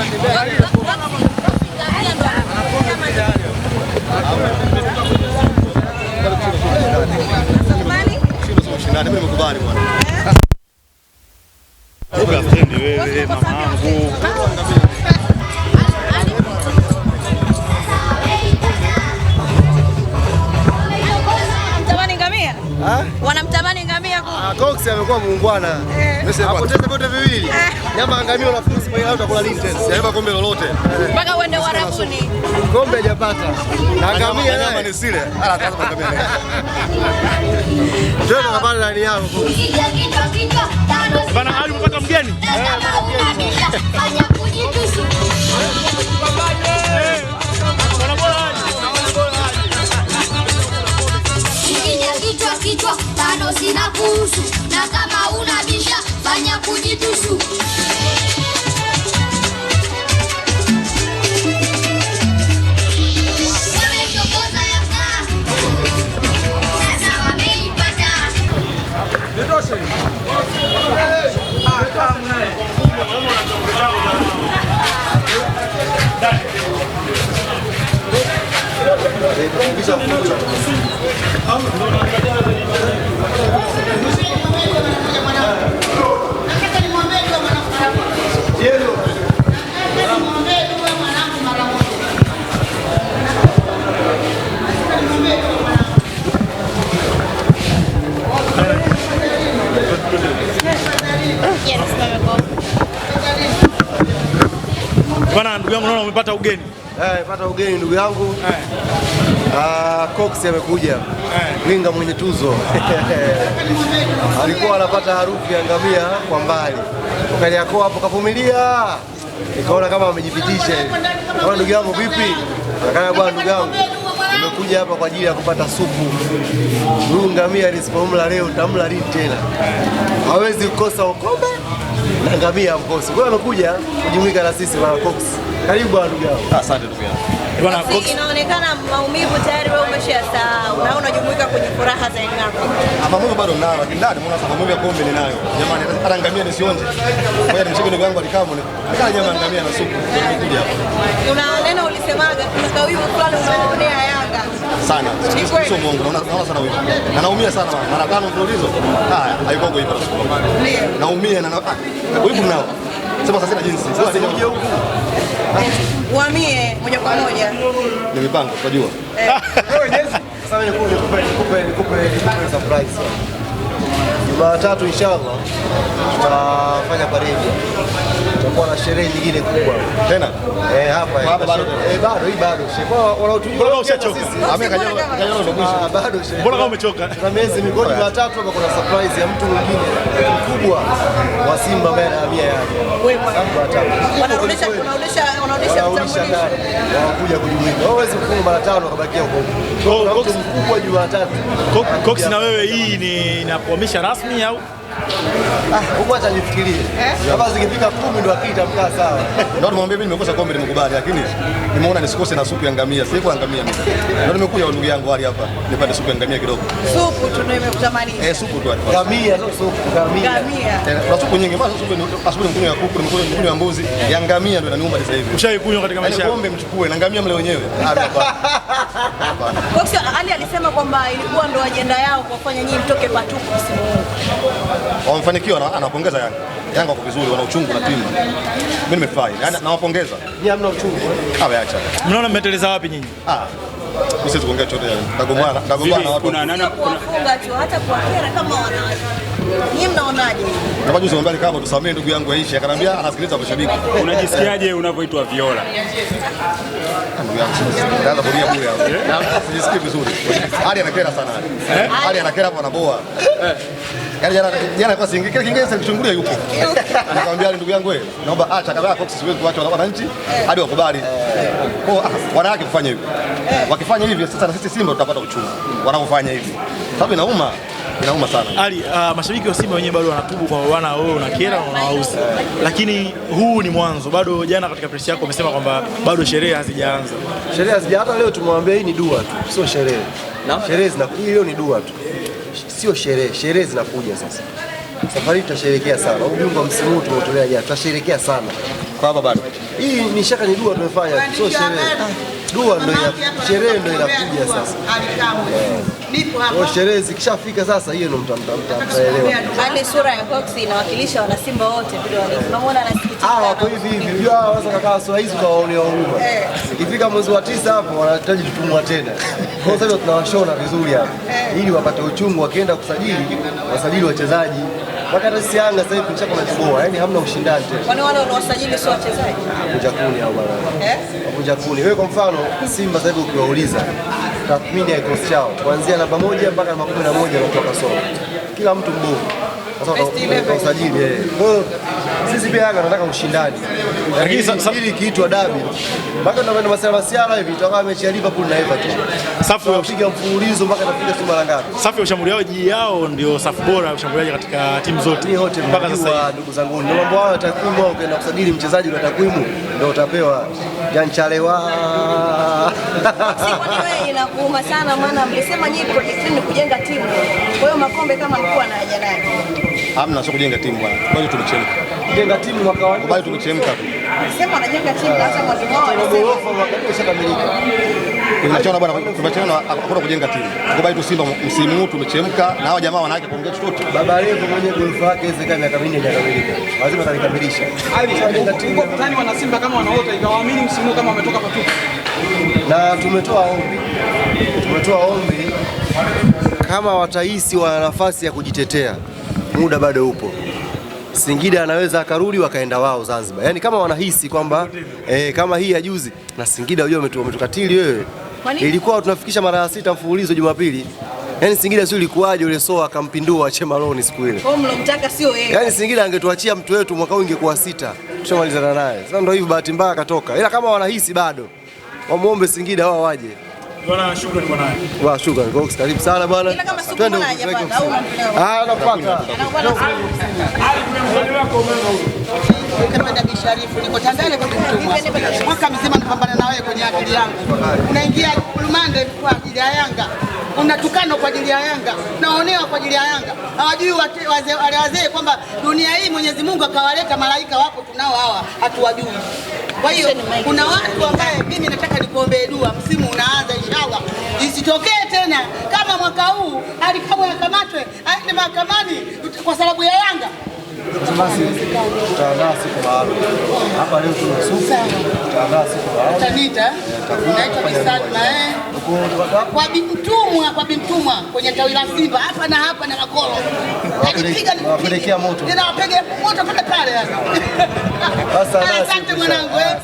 Wewe mamangu Fox amekuwa muungwana. Eh. Apoteze vyote viwili. Eh. Nyama angamio na Fox kwa hiyo utakula lini tena? Sijaiba kombe lolote. Mpaka uende Warabuni. Kombe hajapata. Na angamia nyama ni sile. Ala tazama angamia. Tena habari ndani yao. Bana Ali mpaka mgeni. Eh, inakuhusu, na kama una bisha fanya kujitusu. Bwana ndugu yangu naona umepata ugeni. Eh, pata ugeni ndugu yangu. Eh. Ah, Cox amekuja. Winga mwenye tuzo alikuwa anapata harufu ya ngamia kwa mbali, Kariakoo hapo kavumilia, nikaona kama amejipitisha hivi. Kwa ndugu yangu vipi? Akana bwana, ndugu yangu nimekuja hapa kwa ajili ya kupata supu. Huyu ngamia nisipomla leo tamla lini tena? Hawezi kukosa ukombe na ngamia mkosi. Kwa hiyo amekuja kujumuika na sisi Mara Cox. Karibu bwana ndugu yangu. Asante ndugu yangu inaonekana maumivu tayari wewe umeshasahau na unajumuika kwenye furaha za Engaro. Maumivu bado nayo, lakini ndani mbona sababu ya pombe ninayo. Jamani hata ngamia nisionje. Ngoja nimshike ndugu yangu alikamo. ni. Hata jamaa ngamia na supu. Kuna neno ulisemaga kuna wivu fulani unaonea Yanga. Sana. Sio muongo naona naona sana wivu. Na naumia sana mama. Mara tano mfululizo. Haya, haiko hivyo. Naumia na ah, wivu nao. Sema sasa sina jinsi. Sasa nije huku usimamie moja kwa moja. Ni mipango, unajua. Eh. tatu, inshallah tutafanya parade, tutakuwa na sherehe nyingine kubwa tena eh, hapa hapa bado eh, bado hii bado bado, mbona kama umechoka? Tuna miezi migodi ya tatu hapa kuna surprise ya mtu mwingine mkubwa wa Simba ambaye anahamia yake, wanaonesha wanaonesha wanaonesha wanakuja kujumuika, hawezi kufunga mara tano akabakia huko. Mkubwa Jumatatu Cox, na wewe hii ni inakuhamisha rasmi Daniel Ah, Umwacha ajifikirie kama eh? zikifika kumi ndo akili itamkaa sawa. Ndio nimwambia mimi nimekosa kombe, nimekubali, lakini nimeona nisikose na supu ya ngamia. Sasa iko ngamia mimi. Ndio nimekuja ndugu yangu hali hapa nipate supu ya ngamia kidogo. Supu tu ndio imekutamania. Eh, supu tu Ngamia sio supu, ngamia. Ngamia. Kuna eh, supu nyingi, maana supu ni asubuhi mkunywa ya kuku, mkunywa mkunywa ya mbuzi, ya ngamia ndio inaniuma sasa hivi. Ushaikunywa katika yaani maisha yako? Kombe mchukue na ngamia mle wenyewe. Hapana. Ali alisema kwamba ilikuwa ndo ajenda yao kuwafanya nyinyi mtoke patupu msimu huu wamefanikiwa, anawapongeza Yanga. Yanga wako vizuri, wana uchungu na timu. Mimi nimefurahi, yani nawapongeza. Je, hamna uchungu? Ah, acha. Mnaona mmeteleza wapi nyinyi? Ah, mimi siwezi kuongea chochote. Ndagombana, ndagombana watu. Kuna nani? Kuna funga tu hata kwa kera kama wanaweza Ninyi mnaonaje? Ndio juzi kama tusamee ndugu yangu Aisha akanambia anasikiliza mashabiki. Unajisikiaje unavyoitwa Viola? Ah, eh? Sijisikii vizuri. Hali anakera sana. Hali eh? anakera hapo anaboa. Eh. Yaani jana jana kwa singi kile kingine sikuchungulia yupo. Nikamwambia ndugu yangu wewe, naomba acha ah, kabla Fox siwezi kuacha wananchi hadi wakubali. Kwa ah, wanawake kufanya hivyo. Wakifanya hivyo sasa na sisi Simba tutapata uchungu. Wanapofanya hivi. Sababu inauma inauma sana. Ali, uh, mashabiki wa Simba wenyewe bado wanatubu kwa wana wewe unakera unawauza, lakini huu ni mwanzo. Bado jana katika press yako umesema kwamba bado sherehe hazijaanza, sherehe hazija Hata leo tumwambia hii ni dua tu, sio sherehe. Sherehe zinakuja leo, ni dua tu, sio sherehe. Sherehe zinakuja sasa. Safari tutasherekea sana, Ujumbe msimu huu tumeutolea jana, tutasherekea sana kwa baba bado. Hii ni shaka, ni dua tumefanya, sio sherehe dua ndo sherehe ndo inakuja sasa. Eh. Sherehe zikishafika sasa, hiyo ndo mtaelewa. Hadi yaani sura ya Cox inawakilisha Simba wote wako ah, hivi hivi, waweza kakaa sura hizi kawaonea huruma. Eh. Ikifika mwezi wa tisa hapo wanahitaji kutumwa tena, kwa sababu tunawashona vizuri hapa eh. ili wapate uchungu, wakienda kusajili wasajili wachezaji Wakati sisi Yanga sasa hivi tumeshakunaboa, yani hamna ushindani tena. Kwani wale wanaosajili sio wachezaji? Wakunja kuni au bwana. Eh? Wakunja kuni. Wewe kwa mfano Simba sasa hivi ukiwauliza tathmini ya kikosi chao kuanzia namba moja mpaka namba kumi na moja watu wakasoma. Kila mtu mbovu sasa kwa usajili. Eh. Kwa hiyo sisi pia Yanga tunataka ushindani, lakini dabi mpaka tunakwenda masuala masuala hivi, tutakuwa mechi ya Liverpool na Everton, safu ya mfululizo mpaka tafika mara ngapi. Safu ya ushambuliaji yao ndio safu bora ya ushambuliaji katika timu zote mpaka sasa. Ndugu zangu, ndio mambo hayo, takwimu au kwenda kusajili mchezaji na takwimu ndio utapewa janchalewa inakuuma sana, maana mlisema nyinyi project ni kujenga timu, kwa hiyo makombe kama mkuu na Hamna, sio kujenga timu bwana, bado tumechemka. Kujenga timu mwaka wa bado tumechemka tu. Sema anajenga timu hata mwalimu wao anasema mwaka huu ushakamilika. Tunachona bwana, tunachona hakuna kujenga timu. Kwa bado Simba msimu huu tumechemka na hao jamaa wanawake kuongea chochote. Baba leo mwenye golfu yake hizo kama miaka minne hajakamilika. Lazima atakamilisha. Hadi tunajenga timu. Kwa kutani wana Simba kama wanaota ikawaamini msimu kama wametoka patupu. Na tumetoa ombi. Tumetoa ombi kama watahisi wana nafasi ya kujitetea muda bado upo. Singida anaweza akarudi wakaenda wao Zanzibar, yaani kama wanahisi kwamba eh, kama hii ya juzi na Singida unajua umetukatili wewe, ilikuwa tunafikisha mara ya sita mfululizo Jumapili. Yaani Singida sio ilikuwaje ule soa akampindua Chemaloni siku ile. Kwa mlomtaka sio yeye. Yaani Singida angetuachia mtu wetu mwaka huu ingekuwa sita. Tushamalizana naye. Sasa ndio hivyo bahati mbaya akatoka. Ila kama wanahisi bado wamuombe Singida wao waje. Bwana shukrani bwana. Wa shukrani. Kwa karibu sana bwana. Twende huko. Ah, napaka. Sharifu, niko Tandale kwa kutumwa. Mwaka mzima napambana na wewe kwenye akili yangu. Unaingia rumande kwa ajili ya Yanga. Unatukano kwa ajili ya Yanga. Unaonewa kwa ajili ya Yanga. Hawajui wazee wale wazee kwamba dunia hii Mwenyezi Mungu akawaleta malaika wapo tunao hawa hatuwajui. Kwa hiyo kuna watu ambaye mimi nataka nikuombee dua msimu una Mungu Ali Kamwe akamatwe aende mahakamani kwa sababu ya Yanga. Basi tutaandaa siku maalum hapa leo, tutaandaa siku maalum, kwa bimtumwa kwa bimtumwa kwenye tawi la Simba hapa na hapa na Makolo nawapelekea moto pale. Asante mwanangu. Eh.